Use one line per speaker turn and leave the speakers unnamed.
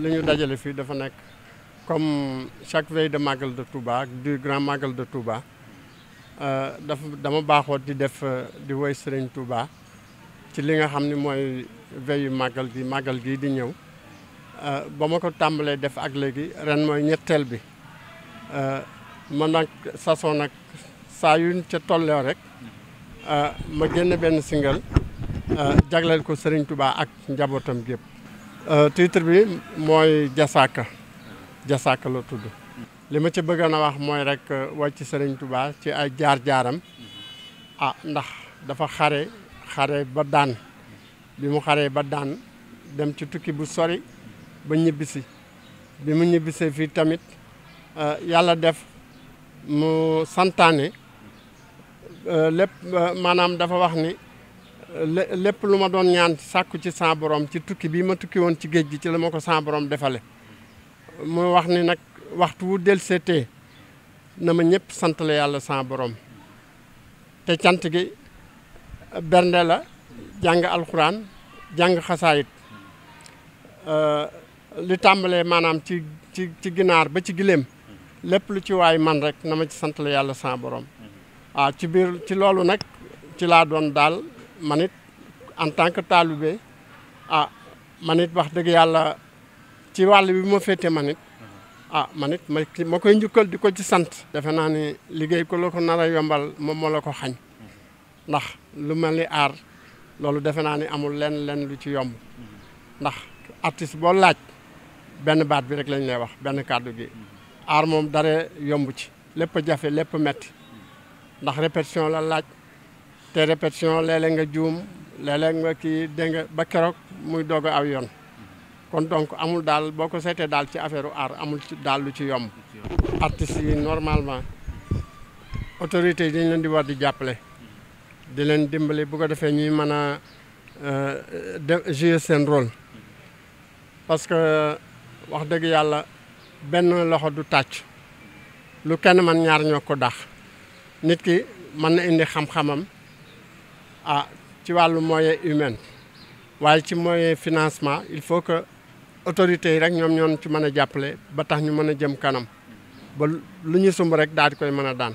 li ñu dajale fii dafa nekk comme chaque veille de Magal de Touba ak du grand Magal de Touba euh, dafa dama baaxoo di def euh, di woy Serigne Touba ci li nga xam ni mooy veille Magal bi Magal gii di ñëw euh, ba ma ko tàmbalee def ak léegi ren mooy ñetteel bi ma nag sasoo nag saa yuñ ca tolloo rek ma génn benn single jagleel ko Serigne tubaa ak njabootam gépp Euh, titre bi mooy jasaaka jasaaka la tudd li ma ci bëggoon a wax mooy rek euh, wàcc Sëriñ Tuubaa ci ay jaar-jaaram ah ndax dafa xare xare ba dànn bi mu xaree ba daan dem ci tukki bu sori ba ñibbisi bi mu ñibbisee fii tamit euh, yàlla def mu santaane lépp maanaam dafa wax ni lepp luma doon ñaan sakku ci sa borom ci tukki bi ma tukki won ci geejgi ci la ko borom defale mu wax ni nak waxtu wu del cete na ma ñëpp sant la yalla sa borom te cant gi bernde la alquran jang jàng euh li tambale manam ci ci ci ginar ba ci gilem lepp lu ci way man rek na ma ci sant la yalla sa borom waaw ci bir ci lolu nak ci la doon dal manit en tant que taalibe ah manit wax dëgg yàlla ci wàll bi ma féete man it ah man it ma ma koy njukkal di ko ci sant. defe naa ni liggéey ko la ko yombal moom moo la ko xañ ndax lu mel ni aar loolu defe naa ni amul lenn lenn lu ci yomb ndax artiste boo laaj benn baat bi rek lañ lay wax benn kàddu gi aar moom dara yomb ci lépp jafe lépp metti ndax répétition la laaj. te répétition léeg nga juum léeg nga kii dégg ba keroog muy doog aw yoon kon donc amul daal boo ko seetee daal ci affaire art amul ci daal lu ci yomb. artistes yi normalement autorités yi dañ leen di war di jàppale. di leen dimbali bu ko defee ñuy mën a euh, jouer seen rôle. parce que wax dëgg yàlla benn loxo du tàcc. lu kenn man ñaar ñoo ko dax nit ki mën na indi xam-xamam. ah ci wàllu moyen humain waaye ci moyen financement il faut que autorités yi rek ñoom ñoon ci mën a jàppale ba tax ñu mën a jëm kanam ba lu ñu sumb rek daal di koy mën a daan